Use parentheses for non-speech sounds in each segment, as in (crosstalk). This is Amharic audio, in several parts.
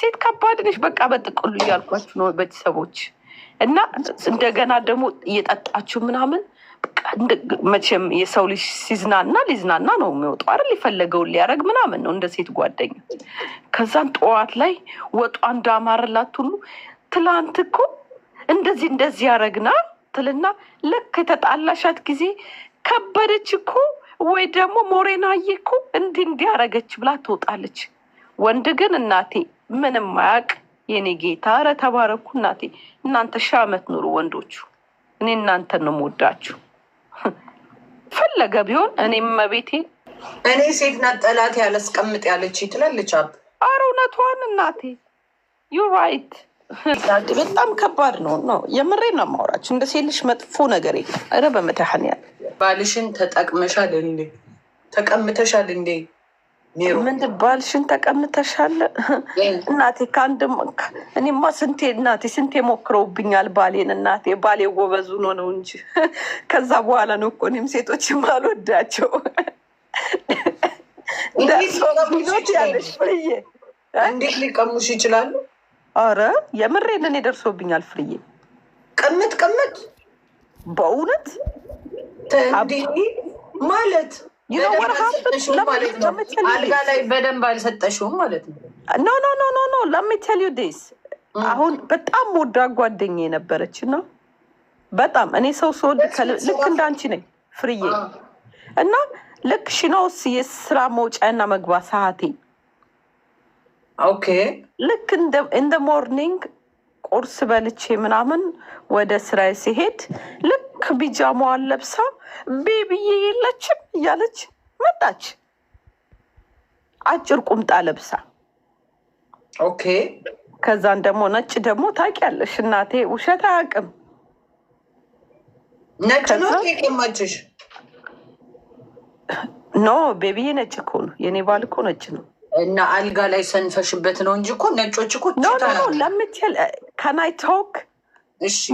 ሴት ከባድ ነሽ። በቃ በጥቅሉ እያልኳችሁ ነው ቤተሰቦች። እና እንደገና ደግሞ እየጠጣችሁ ምናምን መቼም የሰው ልጅ ሲዝናና ሊዝናና ነው የሚወጡ አይደል? የፈለገውን ሊያደርግ ምናምን ነው እንደ ሴት ጓደኛ። ከዛን ጠዋት ላይ ወጧ እንዳማረላት ሁሉ ትላንት እኮ እንደዚህ እንደዚህ ያደረግና ትልና ልክ የተጣላሻት ጊዜ ከበደች እኮ ወይ ደግሞ ሞሬናዬ እኮ እንዲህ እንዲያደረገች ብላ ትወጣለች። ወንድ ግን እናቴ ምንም ማያቅ የኔ ጌታ። ኧረ ተባረኩ እናቴ። እናንተ ሺህ ዓመት ኑሩ ወንዶቹ። እኔ እናንተ ነው የምወዳችሁ። (laughs) ፈለገ ቢሆን እኔ መቤቴ እኔ ሴት ናት ጠላት ያለስቀምጥ ያለች ትላለች። አብ ኧረ እውነቷን እናቴ ዩ ራይት። በጣም ከባድ ነው ነው የምሬ ነው የማወራችሁ። እንደ ሴት ልጅ መጥፎ ነገር የለም። ኧረ በመድኃኒዓለም ባልሽን ተጠቅመሻል እንዴ? ተቀምተሻል እንዴ? ምን ባልሽን ተቀምተሻል እናቴ? ከአንድ እኔማ ስንቴ እናቴ ስንቴ ሞክረውብኛል ባሌን። እናቴ ባሌ ጎበዝ ሆኖ ነው እንጂ (laughs) ከዛ በኋላ ነው እኮ እኔም ሴቶች ማልወዳቸው እንዴት ሊቀሙሽ ይችላሉ? አረ የምሬን እኔ ደርሶብኛል ፍርዬ። ቅምጥ ቅምጥ በእውነት ማለት አልጋ ላይ በደንብ አልሰጠሽውም ማለት ነው። ኖ ኖ ኖ ኖ ለሚቴል ዩ አሁን በጣም ወዳ ጓደኛ የነበረች ነው። በጣም እኔ ሰው ስወድ ልክ እንዳንቺ ነኝ ፍርዬ እና ልክ ሽኖስ የስራ መውጫና መግባት ሰዓቴ ኦኬ ልክ ኢን ሞርኒንግ ቁርስ በልቼ ምናምን ወደ ስራ ሲሄድ ልክ ቢጃማዋን ለብሳ ቤቢዬ የለችም እያለች መጣች። አጭር ቁምጣ ለብሳ ኦኬ። ከዛን ደግሞ ነጭ ደግሞ ታውቂያለሽ እናቴ ውሸት አያውቅም። ነጭ ነው የማችሽ? ኖ ቤቢዬ ነጭ እኮ ነው የኔ ባል እኮ ነጭ ነው። እና አልጋ ላይ ሰንፈሽበት ነው እንጂ እኮ ነጮች እኮ ለምትል ከናይ ቶክ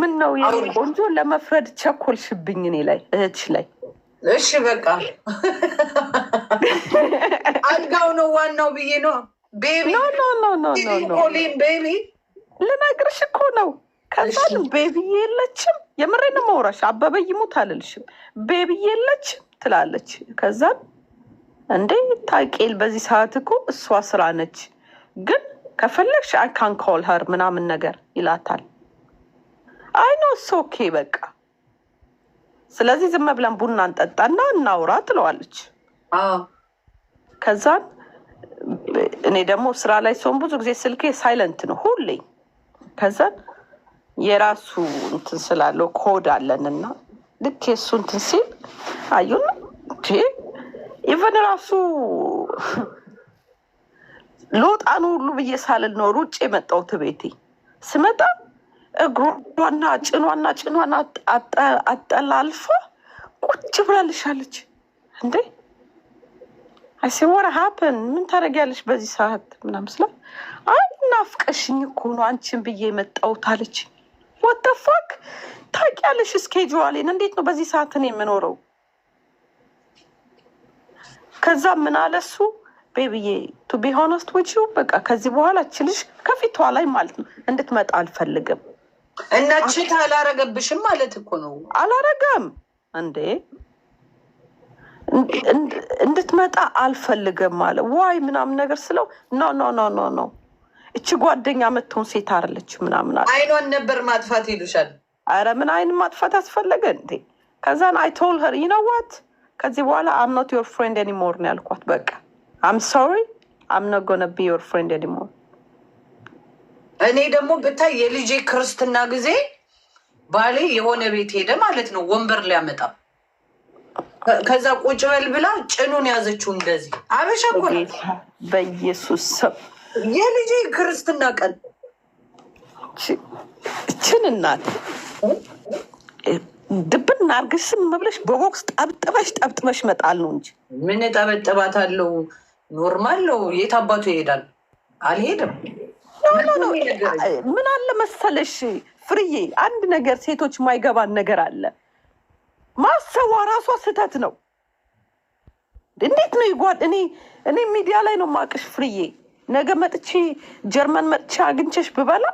ምን ነው ቆንጆ ለመፍረድ ቸኮልሽብኝ እኔ ላይ እህች ላይ እሺ በቃ አልጋው ነው ዋናው ብዬ ነው ቤቢ ልነግርሽ እኮ ነው ከዛን ቤቢ የለችም የምሬን ማውራሽ አበበ ይሙት አልልሽም ቤቢ የለችም ትላለች ከዛን እንዴ ታቄል በዚህ ሰዓት እኮ እሷ ስራ ነች፣ ግን ከፈለግሽ አይ ካን ኮል ሀር ምናምን ነገር ይላታል። አይ ኖ እሱ ኦኬ በቃ ስለዚህ ዝም ብለን ቡና እንጠጣና እናውራ ትለዋለች። ከዛን እኔ ደግሞ ስራ ላይ ሲሆን ብዙ ጊዜ ስልኬ ሳይለንት ነው ሁሌ። ከዛን የራሱ እንትን ስላለው ኮድ አለንና ልክ የእሱ እንትን ሲል አዩን ኢቨን ራሱ ልውጣን ሁሉ ብዬ ሳልል ነው ሩጭ የመጣሁት ቤቴ ስመጣ እግሯና ጭኗና ጭኗና አጠላልፋ ቁጭ ብላልሻለች። እንዴ አይሴ ወረ ሀፕን ምን ታደርጊያለሽ በዚህ ሰዓት ምናምን ስላት አይ ናፍቀሽኝ እኮ ነው አንቺን ብዬ የመጣሁት አለች ወተፋክ ታውቂያለሽ እስኬጅዋሌን እንዴት ነው በዚህ ሰዓት እኔ የምኖረው ከዛ ምን አለ እሱ ቱ ቢ ሆነስት በቃ ከዚህ በኋላ ችልሽ ከፊቷ ላይ ማለት ነው እንድትመጣ አልፈልግም። እና ችት አላረገብሽም ማለት እኮ ነው። አላረገም እንዴ እንድትመጣ አልፈልግም አለ። ዋይ ምናምን ነገር ስለው ኖ ኖ ኖ ኖ ኖ እቺ ጓደኛ መተውን ሴት አለች ምናምን አለ። አይኗን ነበር ማጥፋት ይሉሻል። አረ ምን አይን ማጥፋት አስፈለገ እንዴ? ከዛን አይ ቶል ይነዋት ከዚህ በኋላ አም ኖት ዮር ፍሬንድ ኤኒሞር ነው ያልኳት። በቃ አም ሶሪ አም ኖት ጎነ ቢ ዮር ፍሬንድ ኤኒሞር። እኔ ደግሞ ብታይ የልጄ ክርስትና ጊዜ ባሌ የሆነ ቤት ሄደ ማለት ነው ወንበር ሊያመጣ ከዛ ቁጭ በል ብላ ጭኑን ያዘችው። እንደዚህ አበሻ እኮ ናት። በኢየሱስ ስም የልጄ ክርስትና ቀን ችን እናት ድብን አርግሽ ስም ብለሽ በቦክስ ጠብጥበሽ ጠብጥበሽ መጣል ነው እንጂ ምን ጠበጥባት አለው? ኖርማል ነው። የት አባቱ ይሄዳል? አልሄድም። ምን አለ መሰለሽ ፍርዬ፣ አንድ ነገር ሴቶች የማይገባን ነገር አለ። ማሰቧ ራሷ ስህተት ነው። እንዴት ነው ይጓል? እኔ እኔ ሚዲያ ላይ ነው ማቅሽ ፍርዬ። ነገ መጥቼ ጀርመን መጥቼ አግኝቼሽ ብበላ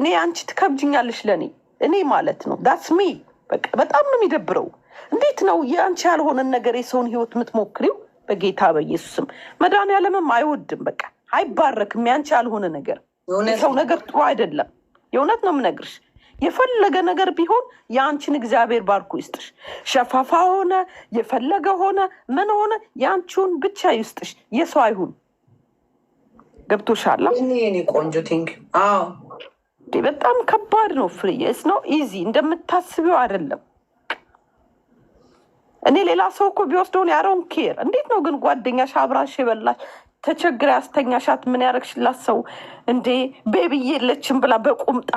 እኔ አንቺ ትከብጅኛለሽ ለእኔ እኔ ማለት ነው ዳትስ ሚ በቃ በጣም ነው የሚደብረው። እንዴት ነው የአንቺ ያልሆነን ነገር የሰውን ህይወት የምትሞክሪው? በጌታ በኢየሱስም መድኃኒዓለምም አይወድም። በቃ አይባረክም። የአንቺ ያልሆነ ነገር የሰው ነገር ጥሩ አይደለም። የእውነት ነው የምነግርሽ። የፈለገ ነገር ቢሆን የአንቺን እግዚአብሔር ባርኩ ይስጥሽ። ሸፋፋ ሆነ የፈለገ ሆነ ምን ሆነ የአንቺውን ብቻ ይስጥሽ። የሰው አይሁን። ገብቶሻል? ቆንጆ ቲንክ በጣም ከባድ ነው ፍርዬ። ስኖ ነው ኢዚ እንደምታስቢው አይደለም። እኔ ሌላ ሰው እኮ ቢወስደውን ያረውን ኬር እንዴት ነው ግን ጓደኛሽ አብራሽ የበላሽ ተቸግረ ያስተኛሻት ምን ያደረግሽላት ሰው እንዴ ቤቢዬ የለችም ብላ በቁምጣ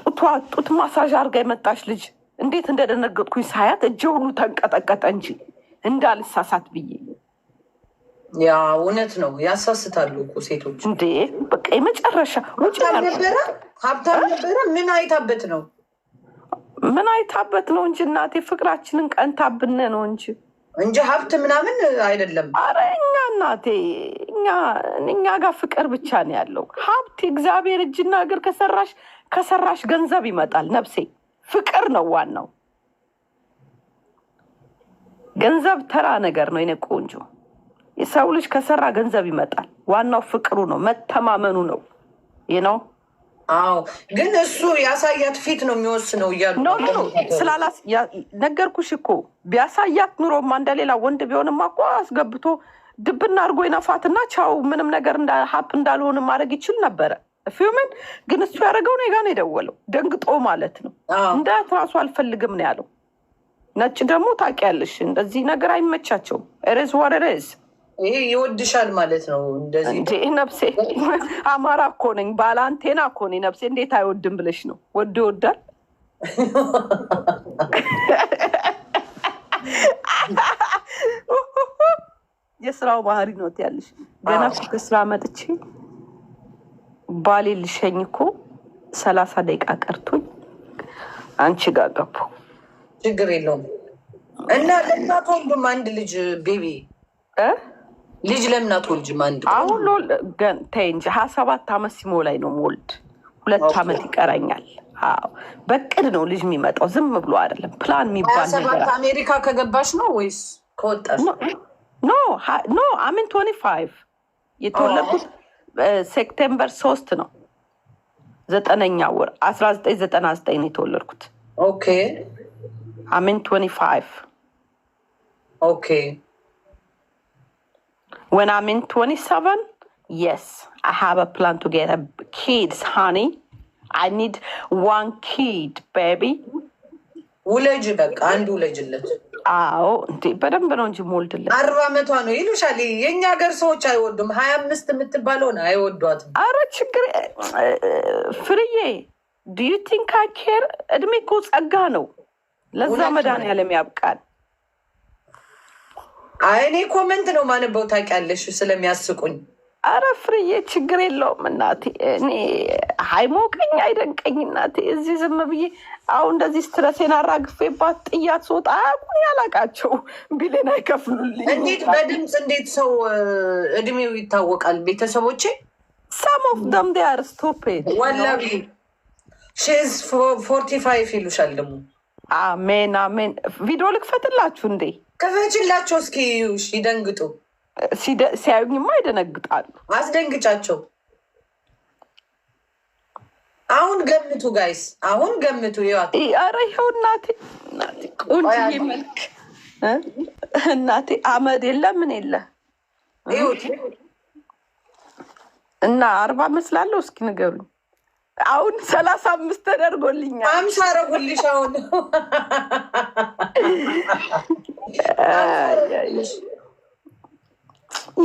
ጡቷ ጡት ማሳዥ አርጋ የመጣች ልጅ እንዴት እንደደነገጥኩኝ ሳያት እጄ ሁሉ ተንቀጠቀጠ እንጂ እንዳልሳሳት ብዬ ያ እውነት ነው። ያሳስታሉ እኮ ሴቶች። እንዴ በቃ የመጨረሻ ውጭ ነበረ ሀብታም ነበረ። ምን አይታበት ነው? ምን አይታበት ነው እንጂ እናቴ ፍቅራችንን ቀንታብነ ነው እንጂ እንጂ ሀብት ምናምን አይደለም። አረ እኛ እናቴ እኛ ጋር ፍቅር ብቻ ነው ያለው። ሀብት እግዚአብሔር እጅና እግር ከሰራሽ ከሰራሽ ገንዘብ ይመጣል። ነፍሴ ፍቅር ነው ዋናው። ገንዘብ ተራ ነገር ነው የኔ ቆንጆ። የሰው ልጅ ከሰራ ገንዘብ ይመጣል። ዋናው ፍቅሩ ነው፣ መተማመኑ ነው። ይህ ነው። አዎ ግን እሱ ያሳያት ፊት ነው የሚወስነው እያሉ ስላላስ ነገርኩሽ እኮ ቢያሳያት ኑሮማ እንደሌላ ወንድ ቢሆንማ እኮ አስገብቶ ድብና አድርጎ የነፋትና ቻው ምንም ነገር ሀፕ እንዳልሆን ማድረግ ይችል ነበረ። ፊምን ግን እሱ ያደረገው እኔ ጋ ነው የደወለው። ደንግጦ ማለት ነው እንዳያት ራሱ አልፈልግም ነው ያለው። ነጭ ደግሞ ታውቂያለሽ እንደዚህ ነገር አይመቻቸውም። ሬዝ ዋሬዝ ይሄ ይወድሻል ማለት ነው። እንደዚህ ነብሴ አማራ እኮ ነኝ፣ ባላንቴና እኮ ነኝ ነብሴ። እንዴት አይወድም ብለሽ ነው? ወዶ ይወዳል። የስራው ባህሪ ነው ያለሽ። ገና ከስራ መጥቼ ባሌ ልሸኝ እኮ ሰላሳ ደቂቃ ቀርቶኝ አንቺ ጋር ገቡ። ችግር የለውም እና ለእናቶ ወንድም አንድ ልጅ ቤቢ ልጅ ለምን አትወልጂም? አንድ አሁን ሎል ተይ እንጂ ሀያ ሰባት አመት ሲሞ ላይ ነው የምወልድ። ሁለት አመት ይቀረኛል። በቅድ ነው ልጅ የሚመጣው፣ ዝም ብሎ አይደለም። ፕላን የሚባል ነገር አሜሪካ ከገባሽ ነው ወይስ ከወጣሽ? ኖ ኖ አምን ቶኒ ፋይቭ የተወለድኩት ሴፕቴምበር ሶስት ነው ዘጠነኛ ወር አስራ ዘጠኝ ዘጠና ዘጠኝ ነው የተወለድኩት። ኦኬ አምን ቶኒ ፋይቭ ኦኬ when I'm in 27, yes, I have a plan to get a kids, honey. I need one kid, baby. ውለጅ በቃ አንድ ውለጅለት። አዎ እንዴ በደንብ ነው እንጂ ሞልድለት። አርባ ዓመቷ ነው ይሉሻል የእኛ ሀገር ሰዎች አይወዱም። ሀያ አምስት የምትባለውን አይወዷትም። አረ ችግር ፍርዬ ዲዩ ቲንክ አይ ኬር። እድሜ እኮ ጸጋ ነው። ለዛ መድኃኒዓለም ያብቃል። እኔ ኮመንት ነው ማነበው ታውቂያለሽ፣ ስለሚያስቁኝ። አረ ፍርዬ ችግር የለውም እናቴ። እኔ አይሞቀኝ አይደንቀኝ እናቴ። እዚህ ዝም ብዬ አሁን እንደዚህ ስትረሴን አራግፌባት ጥያት ስወጣ አያውቁኝ አላውቃቸው ቢሌን አይከፍሉልኝ። እንዴት በድምፅ እንዴት ሰው እድሜው ይታወቃል? ቤተሰቦቼ ሰም ኦፍ ደም ዴ አር ስቱፒድ ወላሂ ፎርቲ ፋይቭ ይሉሻል ደግሞ። አሜን አሜን። ቪዲዮ ልክፈትላችሁ እንዴ? ክፈችላቸው እስኪ ይደንግጡ። ሲያዩኝማ ይደነግጣሉ። አስደንግጫቸው። አሁን ገምቱ ጋይስ፣ አሁን ገምቱ። ኧረ ይኸው እናቴ እናቴ ቆንጆዬ መልክ እናቴ አመድ የለ ምን የለ እና አርባ መስላለሁ። እስኪ ንገሩኝ። አሁን ሰላሳ አምስት ተደርጎልኛል። አምሳ አረጉልሽ አሁን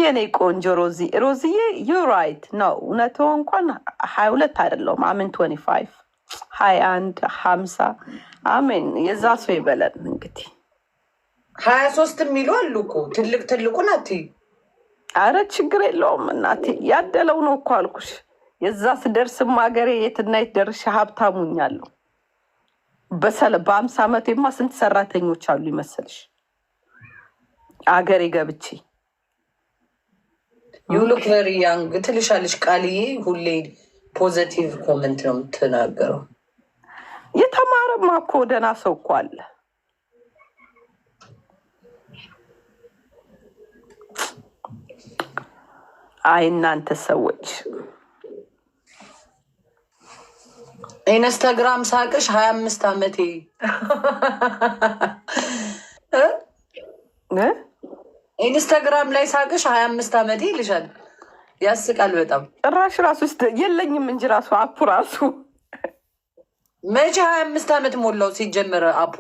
የኔ ቆንጆ ሮዚ ሮዚዬ ዩ ራይት ነው። እውነቶ እንኳን ሀያ ሁለት አይደለውም አሜን ትወንቲ ፋይቭ ሀያ አንድ ሀምሳ አሜን የዛ ሰው ይበለን እንግዲህ ሀያ ሶስት የሚሉ አሉ እኮ ትልቅ ትልቁ ናት። አረ ችግር የለውም እናቴ ያደለው ነው እኮ አልኩሽ። የዛ ስደርስማ ሀገሬ የትና የት ደርሼ ሀብታሙኛለሁ። በአምሳ ዓመቴማ ስንት ሰራተኞች አሉ ይመስልሽ? አገሬ ገብቼ ዩሉክ ቨሪ ያንግ ትልሻለች። ቃልዬ ሁሌ ፖዘቲቭ ኮመንት ነው የምትናገረው። የተማረማ እኮ ደህና ሰው እኮ አለ። አይ እናንተ ሰዎች ኢንስታግራም ሳቅሽ ሀያ አምስት አመቴ ኢንስታግራም ላይ ሳቅሽ ሀያ አምስት ዓመቴ ይልሻል። ያስቃል በጣም ጭራሽ ራሱ ስ የለኝም እንጂ ራሱ አፑ ራሱ መቼ ሀያ አምስት ዓመት ሞላው ሲጀመረ አፑ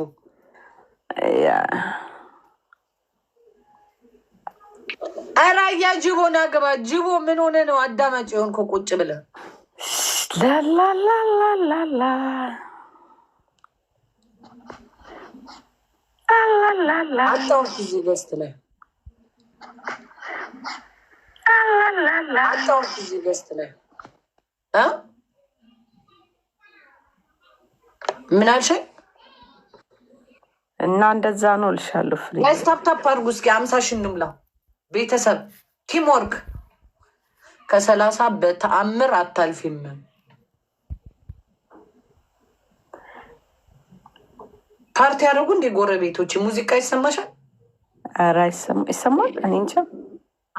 ኧረ ያ ጅቦን አገባ ጅቦ ምን ሆነ ነው አዳማጭ የሆንከው ቁጭ ብለ ላላላላላላ አጣሁት እዚህ ገስት ላይ አታውስ እዚህ ገስት ላይ ምን አልሽኝ? እና እንደዛ ነው እልሻለሁ። ታፕታፕ አድርጉ እስኪ አምሳ ሺህ እንሙላ። ቤተሰብ ቲም ከሰላሳ በተአምር አታልፊም። ፓርቲ አድርጉ እንደ ጎረቤቶች። ሙዚቃ ይሰማሻል? ኧረ ይሰማል። እኔ እንጃ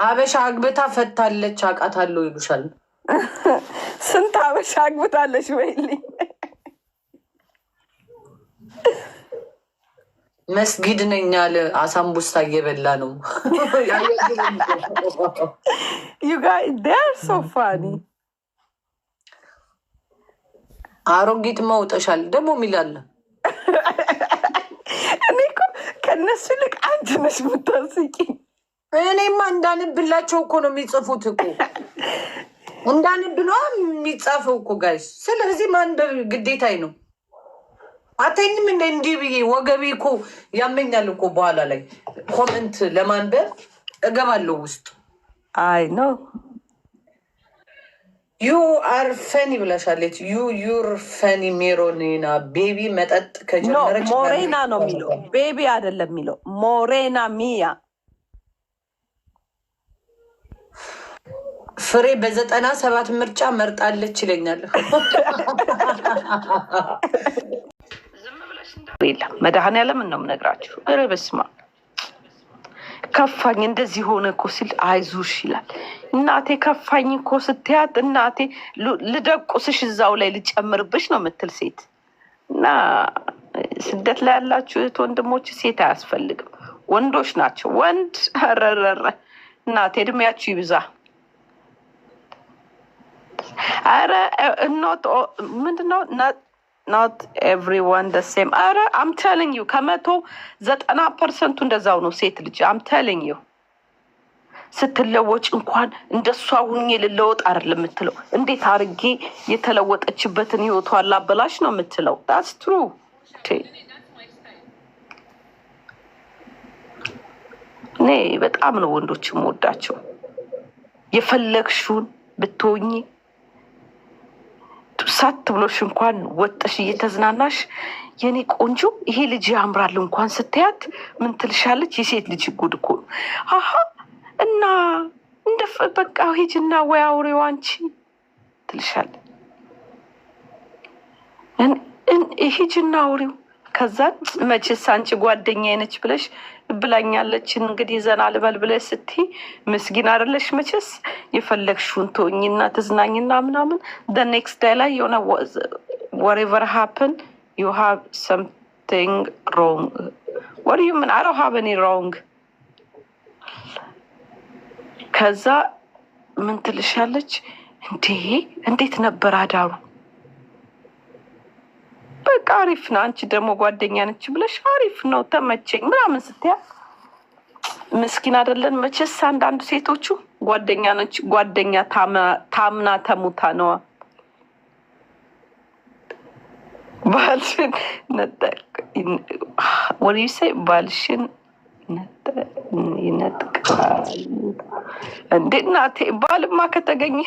ሀበሻ አግብታ ፈታለች አውቃታለሁ ይሉሻል። (laughs) ስንት አበሻ አግብታለች ወይልኝ። (laughs) መስጊድ ነኝ ያለ አሳምቡስታ እየበላ ነው። ዩጋር (laughs) ሶፋኒ አሮጊት መውጠሻል ደግሞ ሚላለን ከእነሱ ይልቅ አንቺ ነሽ የምታስቂኝ። እኔማ እንዳንብላቸው እኮ ነው የሚጽፉት እኮ እንዳንብ ነዋ የሚጻፈው እኮ ጋይስ። ስለዚህ ማንበብ ግዴታዬ ነው። አተኝም እንደ እንዲህ ብዬ ወገቤ እኮ ያመኛል እኮ በኋላ ላይ ኮመንት ለማንበብ እገባለሁ ውስጥ አይ ነው ዩ አር ፈኒ ብለሻለች። ዩ ዩር ፈኒ ሜሮኔና ቤቢ መጠጥ ከጀመረች ሞሬና ነው የሚለው ቤቢ አይደለም የሚለው ሞሬና ሚያ ፍሬ በዘጠና ሰባት ምርጫ መርጣለች ይለኛል። (laughs) መድኃኔዓለምን ነው የምነግራችሁ። ኧረ በስመ አብ ከፋኝ እንደዚህ ሆነ እኮ ሲል አይዞሽ ይላል። እናቴ ከፋኝ እኮ ስትያት እናቴ ልደቁስሽ እዛው ላይ ልጨምርብሽ ነው የምትል ሴት እና ስደት ላይ ያላችሁ እህት ወንድሞች፣ ሴት አያስፈልግም፣ ወንዶች ናቸው። ወንድ ረረረ እናቴ እድሜያችሁ ይብዛ። አረ ምንድነው ናት ኤቭሪዋን ደ ሴም። ኧረ አም ቴሊንግ ዩ ከመቶ ዘጠና ፐርሰንቱ እንደዛው ነው። ሴት ልጅ አም ቴሊንግ ዩ ስትለወጭ እንኳን እንደሷ ሁኜ ልለወጥ አይደለም የምትለው። እንዴት አርጌ የተለወጠችበትን ህይወቷ ላበላሽ ነው የምትለው። ዳስ ትሩ እኔ በጣም ነው ወንዶች የምወዳቸው የፈለግሹን ብትሆኝ ሳት ብሎሽ እንኳን ወጥሽ እየተዝናናሽ የኔ ቆንጆ ይሄ ልጅ ያምራል እንኳን ስትያት ምን ትልሻለች? የሴት ልጅ ጉድ እኮ አሀ እና እንደ በቃ ሂጂና ወይ አውሬው አንቺ ትልሻለች። ሂጂና አውሬው ከዛ መችስ አንቺ ጓደኛ አይነች ብለሽ ብላኛለች እንግዲህ ዘና ልበል ብለሽ ስትይ ምስጊን አይደለሽ መቼስ የፈለግሽውን ትሆኝና ትዝናኝና ምናምን ኔክስት ዳይ ላይ የሆነ ወሬቨር ሀፕን ዩ ሃቭ ሰምቲንግ ሮንግ ወር ዩ ምን አሮ ሃቭ ሮንግ ከዛ ምን ትልሻለች እንዴ እንዴት ነበር አዳሩ በቃ አሪፍ ነው። አንቺ ደግሞ ጓደኛ ነች ብለሽ አሪፍ ነው ተመቸኝ ምናምን ስትያ ምስኪን አይደለን መቼስ። አንዳንዱ ሴቶቹ ጓደኛ ነች ጓደኛ ታምና ተሙታ ነዋ። ባልሽን ወሪሴ ባልሽን ይነጥቃል እንዴ እናቴ ባልማ ከተገኘ